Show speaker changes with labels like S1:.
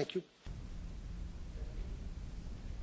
S1: thank you.